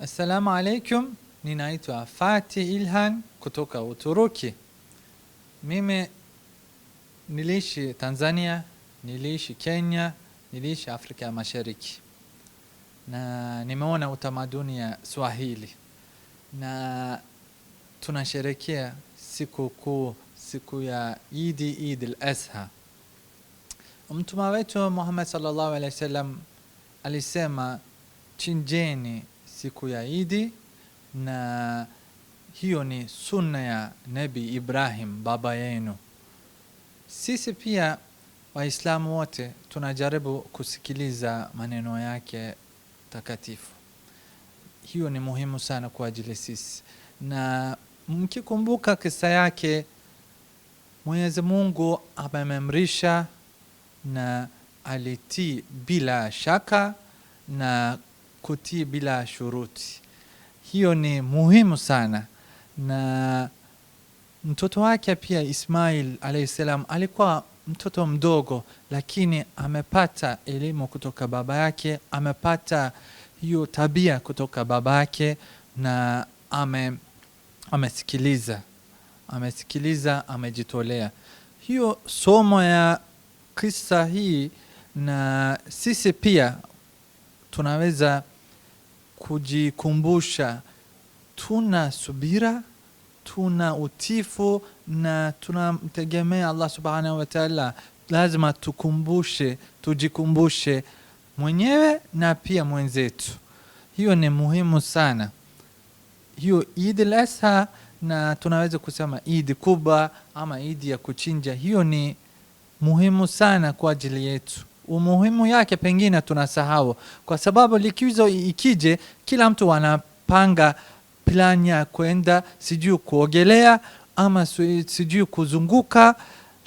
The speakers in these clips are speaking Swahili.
Assalamu alaikum, ninaitwa Fatih Ilhan kutoka Uturuki. Mimi niliishi Tanzania, niliishi Kenya, niliishi Afrika ya Mashariki na nimeona utamaduni ya Swahili na tunasherekea sikukuu siku ya Idi, Idi al-Adha. Mtume wetu Muhammad sallallahu alaihi wasallam alisema, chinjeni siku ya Idi, na hiyo ni sunna ya Nabi Ibrahim baba yenu. Sisi pia Waislamu wote tunajaribu kusikiliza maneno yake takatifu. Hiyo ni muhimu sana kwa ajili sisi, na mkikumbuka kisa yake, Mwenyezi Mungu amememrisha na alitii bila shaka na kutii bila shuruti. Hiyo ni muhimu sana, na mtoto wake pia Ismail alayhi salam alikuwa mtoto mdogo, lakini amepata elimu kutoka baba yake, amepata hiyo tabia kutoka baba yake, na ame amesikiliza amesikiliza, amejitolea. Hiyo somo ya kisa hii, na sisi pia tunaweza kujikumbusha tuna subira, tuna utifu na tunamtegemea Allah subhanahu wa taala. Lazima tukumbushe, tujikumbushe mwenyewe na pia mwenzetu. Hiyo ni muhimu sana, hiyo Idi lesa na tunaweza kusema Idi kubwa ama Idi ya kuchinja, hiyo ni muhimu sana kwa ajili yetu umuhimu yake pengine tunasahau, kwa sababu likizo ikije, kila mtu wanapanga plani ya kwenda sijui kuogelea ama sijui kuzunguka,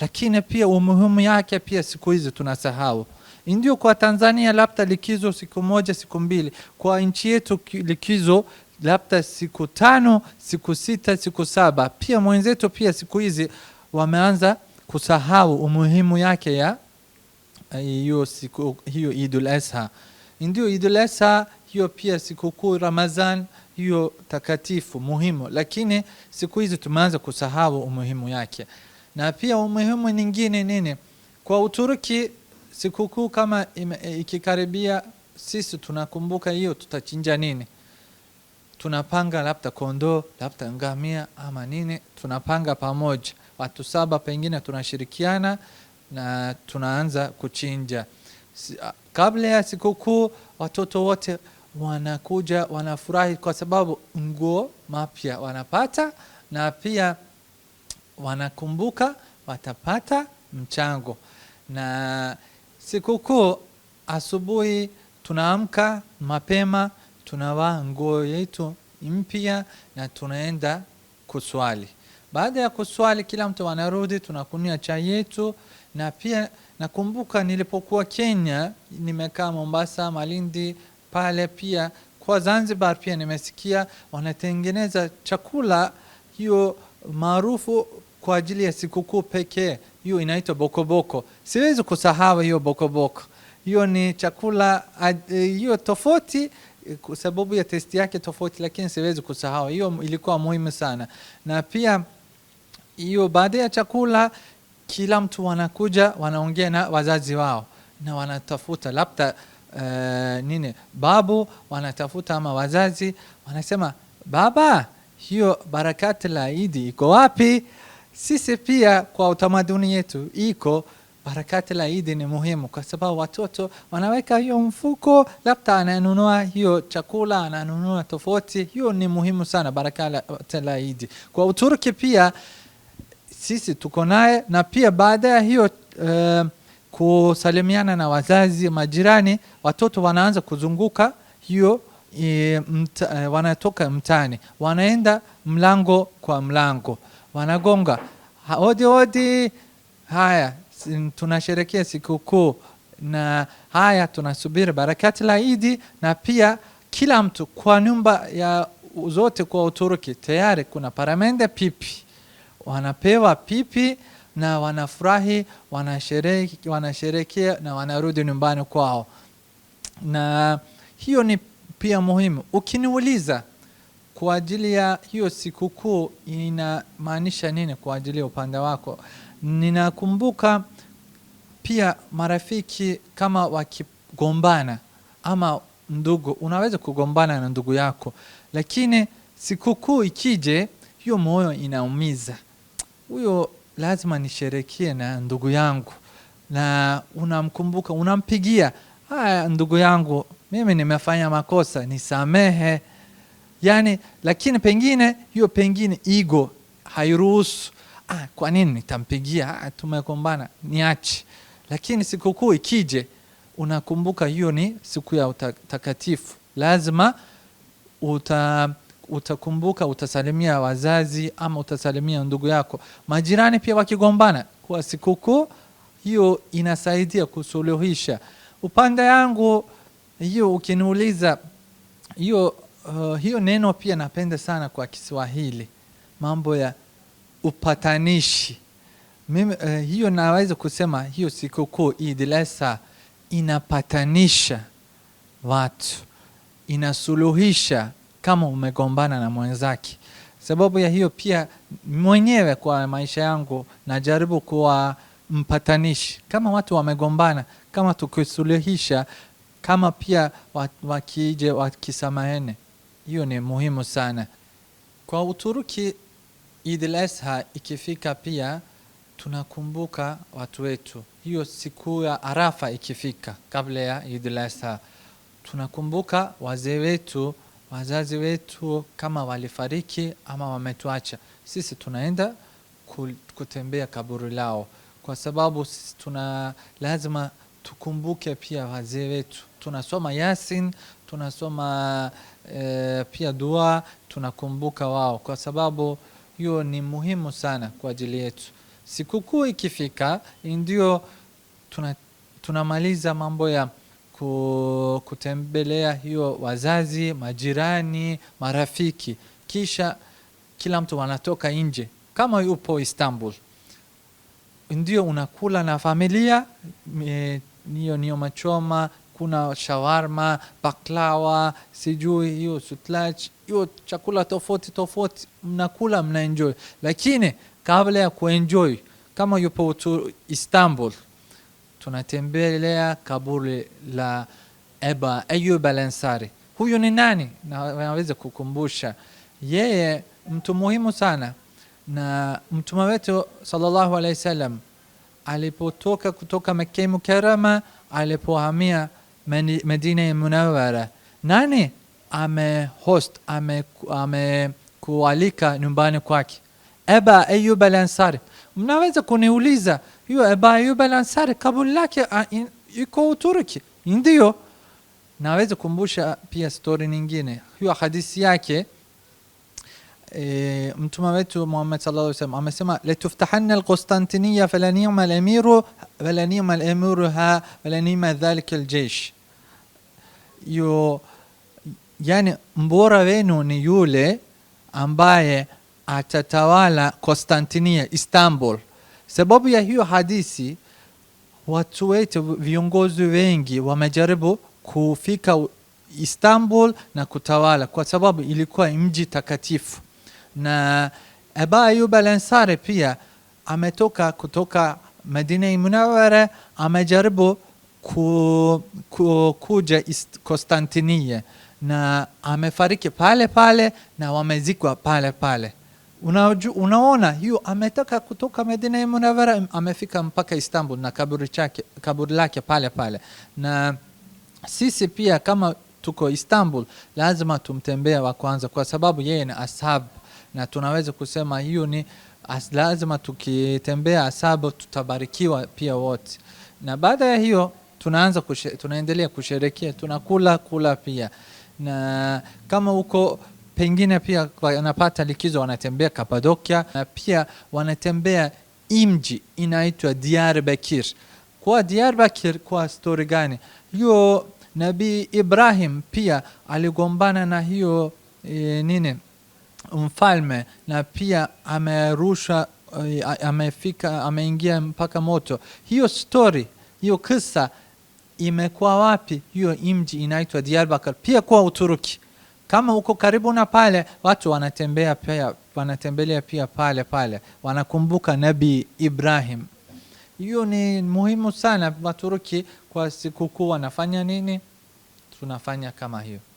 lakini pia umuhimu yake pia siku hizi tunasahau. Ndio kwa Tanzania labda likizo siku moja siku mbili, kwa nchi yetu likizo labda siku tano siku sita siku saba. Pia mwenzetu pia siku hizi wameanza kusahau umuhimu yake ya Eh, hiyo siku hiyo Idul Adha ndio Idul Adha hiyo pia sikukuu Ramadhan hiyo takatifu muhimu, lakini siku hizi tumeanza kusahau umuhimu yake. Na pia umuhimu nyingine nini? Kwa Uturuki sikukuu kama eh, ikikaribia, sisi tunakumbuka hiyo, tutachinja nini? Tunapanga labda kondoo, labda ngamia ama nini, tunapanga pamoja, watu saba, pengine tunashirikiana na tunaanza kuchinja. Kabla ya sikukuu, watoto wote wanakuja wanafurahi, kwa sababu nguo mapya wanapata na pia wanakumbuka watapata mchango. Na sikukuu, asubuhi tunaamka mapema, tunavaa nguo yetu mpya na tunaenda kuswali. Baada ya kuswali, kila mtu anarudi, tunakunia chai yetu na pia nakumbuka nilipokuwa Kenya, nimekaa Mombasa, Malindi pale pia kwa Zanzibar pia nimesikia wanatengeneza chakula hiyo maarufu kwa ajili ya sikukuu pekee, hiyo inaitwa bokoboko. Siwezi kusahau hiyo bokoboko, hiyo ni chakula hiyo tofauti kwa sababu ya testi yake tofauti, lakini siwezi kusahau hiyo, ilikuwa muhimu sana. Na pia hiyo baada ya chakula kila mtu wanakuja wanaongea na wazazi wao na wanatafuta labda uh, nini babu wanatafuta ama wazazi wanasema, baba, hiyo barakati la Idi iko wapi? Sisi pia kwa utamaduni yetu iko barakati la Idi ni muhimu kwa sababu watoto wanaweka hiyo mfuko, labda ananunua hiyo chakula, ananunua tofauti. Hiyo ni muhimu sana, barakati la Idi. Kwa uturuki pia sisi tuko naye, na pia baada ya hiyo uh, kusalimiana na wazazi, majirani, watoto wanaanza kuzunguka hiyo E, mta, eh, wanatoka mtaani wanaenda mlango kwa mlango, wanagonga odi odi, haya tunasherekea sikukuu na haya tunasubiri barakati la Idi, na pia kila mtu kwa nyumba ya zote kwa Uturuki tayari kuna paramende pipi wanapewa pipi na wanafurahi, wanasherekea na wanarudi nyumbani kwao, na hiyo ni pia muhimu. Ukiniuliza kwa ajili ya hiyo sikukuu inamaanisha nini kwa ajili ya upande wako, ninakumbuka pia marafiki kama wakigombana ama ndugu, unaweza kugombana na ndugu yako, lakini sikukuu ikije, hiyo moyo inaumiza huyo lazima nisherekie na ndugu yangu, na unamkumbuka, unampigia, haya ndugu yangu, mimi nimefanya makosa, nisamehe. Yani, lakini pengine hiyo pengine ego hairuhusu. Ah, kwa nini nitampigia? Ah, tumekombana, niache. Lakini sikukuu ikije, unakumbuka hiyo ni siku ya utakatifu, lazima uta utakumbuka, utasalimia wazazi ama utasalimia ndugu yako. Majirani pia wakigombana kwa sikukuu hiyo, inasaidia kusuluhisha. Upande yangu hiyo, ukiniuliza hiyo, uh, hiyo neno pia napenda sana kwa Kiswahili, mambo ya upatanishi mimi, uh, hiyo naweza kusema hiyo sikukuu Eid inapatanisha watu, inasuluhisha kama umegombana na mwenzake. Sababu ya hiyo pia mwenyewe kwa maisha yangu najaribu kuwa mpatanishi, kama watu wamegombana, kama tukisuluhisha, kama pia wakije wakisamahene hiyo ni muhimu sana. Kwa Uturuki, idlesha ikifika pia tunakumbuka watu wetu. Hiyo siku ya Arafa ikifika, kabla ya idlesha tunakumbuka wazee wetu wazazi wetu kama walifariki ama wametuacha, sisi tunaenda kutembea kaburi lao, kwa sababu sisi tuna lazima tukumbuke pia wazee wetu. Tunasoma Yasin, tunasoma e, pia dua, tunakumbuka wao, kwa sababu hiyo ni muhimu sana kwa ajili yetu. Sikukuu ikifika ndio tunamaliza tuna mambo ya kutembelea hiyo wazazi, majirani, marafiki, kisha kila mtu wanatoka nje. Kama yupo Istanbul, ndio unakula na familia e, niyo niyo machoma, kuna shawarma, baklawa, sijui hiyo sutlach hiyo chakula tofauti tofauti, mnakula mnaenjoy. Lakini kabla ya kuenjoy, kama yupo tu Istanbul tunatembelea kaburi la Eba Ayub al Huyu ni nani? Na naweza kukumbusha yeye mtu muhimu sana, na mtume wetu sallallahu alaihi wasallam alipotoka kutoka Mekka Mukarrama alipohamia Madina Munawara, nani ame host amekualika ame nyumbani kwake? Eba Ayub al-Ansari. Mnaweza kuniuliza yo yu e, ebayu belansari kabullaki iko Uturuki ndio. Naweza kumbusha pia stori nyingine, hiyo hadisi yake e, mtume wetu Muhammad sallallahu alaihi wasallam amesema latuftahanna alqustantiniya falanima alamiru falanima alamiruha falanima dhalika aljaysh, yo yani mbora wenu ni yule ambaye atatawala Konstantinia Istanbul Sababu ya hiyo hadithi, watu wetu viongozi wengi wamejaribu kufika Istanbul na kutawala, kwa sababu ilikuwa mji takatifu. Na Aba Ayub al-Ansari pia ametoka kutoka Madina Munawara, amejaribu ku, ku, kuja Konstantinia na amefariki pale pale na wamezikwa pale pale. Unaju, unaona hiyo ametoka kutoka Madina Munawara amefika mpaka Istanbul na kaburi chake kaburi lake pale pale, na sisi pia kama tuko Istanbul lazima tumtembee wa kwanza, kwa sababu yeye ni ashab, na tunaweza kusema hiyo ni as, lazima tukitembea ashab tutabarikiwa pia wote, na baada ya hiyo tunaanza kushe, tunaendelea kusherekea tunakula kula pia, na kama uko pengine pia wanapata likizo, wanatembea Kapadokia na pia wanatembea imji inaitwa Diyarbakir. Kwa bakir kwa stori gani hiyo? Nabii Ibrahim pia aligombana na hiyo e, nini mfalme na pia amerusha eh, amefika ameingia mpaka moto. Hiyo stori hiyo kisa imekuwa wapi? Hiyo imji inaitwa bakir pia kwa Uturuki. Kama uko karibu na pale, watu wanatembea pia, wanatembelea pia pale pale, wanakumbuka Nabii Ibrahim. Hiyo ni muhimu sana. Waturuki kwa sikukuu wanafanya nini? Tunafanya kama hiyo.